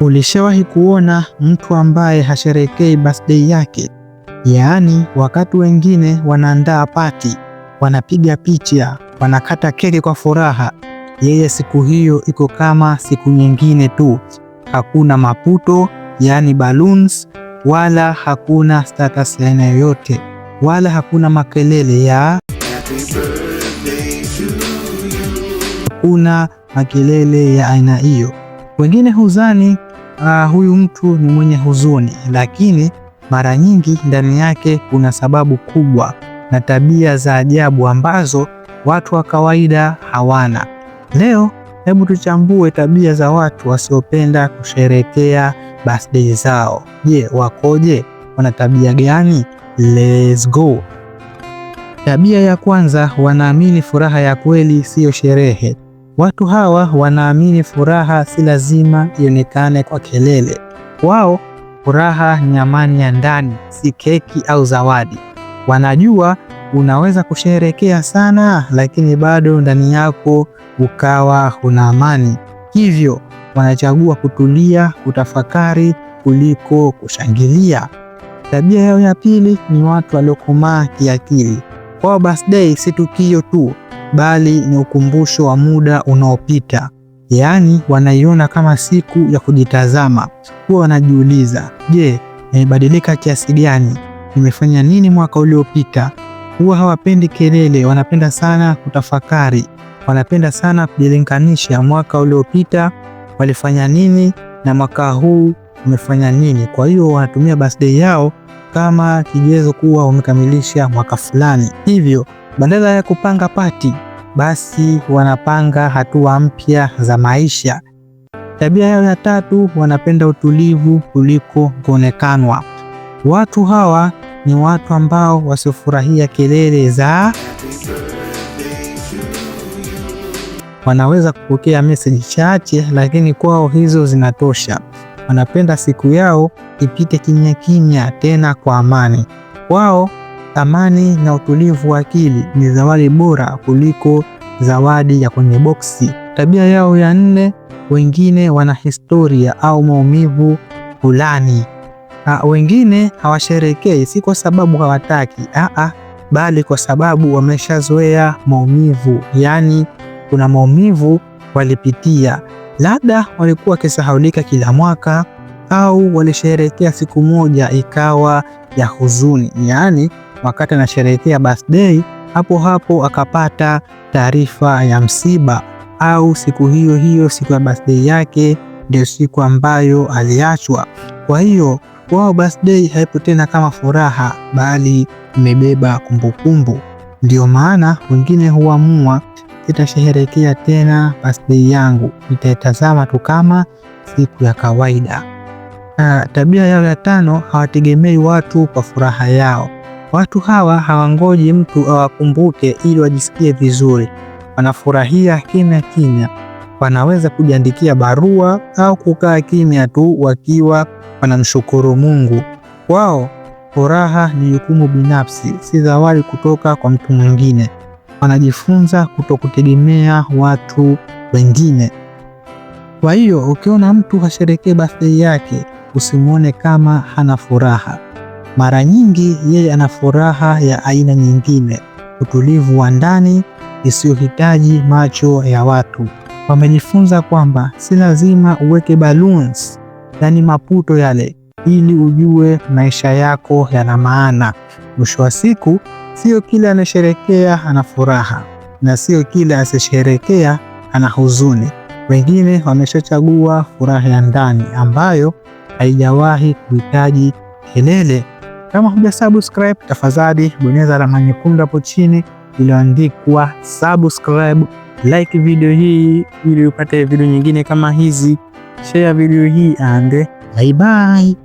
Ulishawahi kuona mtu ambaye hasherekei birthday yake? Yaani, wakati wengine wanaandaa pati, wanapiga picha, wanakata keki kwa furaha, yeye siku hiyo iko kama siku nyingine tu. Hakuna maputo, yaani balloons, wala hakuna status ya aina yoyote, wala hakuna makelele ya hakuna makelele ya aina hiyo. Wengine huzani uh, huyu mtu ni mwenye huzuni, lakini mara nyingi ndani yake kuna sababu kubwa na tabia za ajabu ambazo watu wa kawaida hawana. Leo hebu tuchambue tabia za watu wasiopenda kusherekea birthday zao. Je, wakoje? Wana tabia gani? Let's go. Tabia ya kwanza, wanaamini furaha ya kweli siyo sherehe. Watu hawa wanaamini furaha si lazima ionekane kwa kelele. Wao furaha ni amani ya ndani, si keki au zawadi. Wanajua unaweza kusherekea sana, lakini bado ndani yako ukawa huna amani. Hivyo wanachagua kutulia, kutafakari kuliko kushangilia. Tabia yao ya pili ni watu waliokomaa kiakili. Kwao birthday si tukio tu, bali ni ukumbusho wa muda unaopita. Yaani wanaiona kama siku ya kujitazama. Huwa wanajiuliza, je, nimebadilika kiasi gani? Nimefanya nini mwaka uliopita? Huwa hawapendi kelele, wanapenda sana kutafakari, wanapenda sana kujilinganisha. Mwaka uliopita walifanya nini na mwaka huu umefanya nini? Kwa hiyo wanatumia birthday yao kama kigezo kuwa wamekamilisha mwaka fulani hivyo badala ya kupanga pati, basi wanapanga hatua mpya za maisha. Tabia yao ya tatu, wanapenda utulivu kuliko kuonekanwa. Watu hawa ni watu ambao wasiofurahia kelele za wanaweza kupokea meseji chache, lakini kwao hizo zinatosha. Wanapenda siku yao ipite kimya kimya, tena kwa amani. Wao Amani na utulivu wa akili ni zawadi bora kuliko zawadi ya kwenye boksi. Tabia yao ya nne, wengine wana historia au maumivu fulani. Ah, wengine hawasherekei si kwa sababu hawataki, aa, ah, ah, bali kwa sababu wameshazoea maumivu. Yaani kuna maumivu walipitia, labda walikuwa wakisahaulika kila mwaka, au walisherekea siku moja ikawa ya huzuni, yaani wakati anasherehekea birthday, hapo hapo akapata taarifa ya msiba, au siku hiyo hiyo, siku ya birthday yake ndio siku ambayo aliachwa. Kwa hiyo wao birthday haipo tena kama furaha, bali imebeba kumbukumbu. Ndio maana wengine huamua sitasherehekea tena birthday yangu, nitaitazama tu kama siku ya kawaida. Na tabia yao ya tano, hawategemei watu kwa furaha yao. Watu hawa hawangoji mtu awakumbuke ili wajisikie vizuri, wanafurahia kimya kimya. Wanaweza kujiandikia barua au kukaa kimya tu wakiwa wanamshukuru Mungu. Kwao furaha ni jukumu binafsi, si zawadi kutoka kwa mtu mwingine. Wanajifunza kutokutegemea watu wengine. Kwa hiyo ukiona mtu hasherekee birthday yake, usimwone kama hana furaha. Mara nyingi yeye ana furaha ya aina nyingine, utulivu wa ndani isiyohitaji macho ya watu. Wamejifunza kwamba si lazima uweke balloons, yani maputo yale, ili ujue maisha yako yana maana. Mwisho wa siku, sio kila anasherekea ana furaha na sio kila asisherekea ana huzuni. Wengine wameshachagua furaha ya ndani ambayo haijawahi kuhitaji kelele kama huja subscribe, tafadhali bonyeza alama nyekundu hapo chini iliyoandikwa subscribe, like video hii ili upate video nyingine kama hizi, share video hii and bye bye.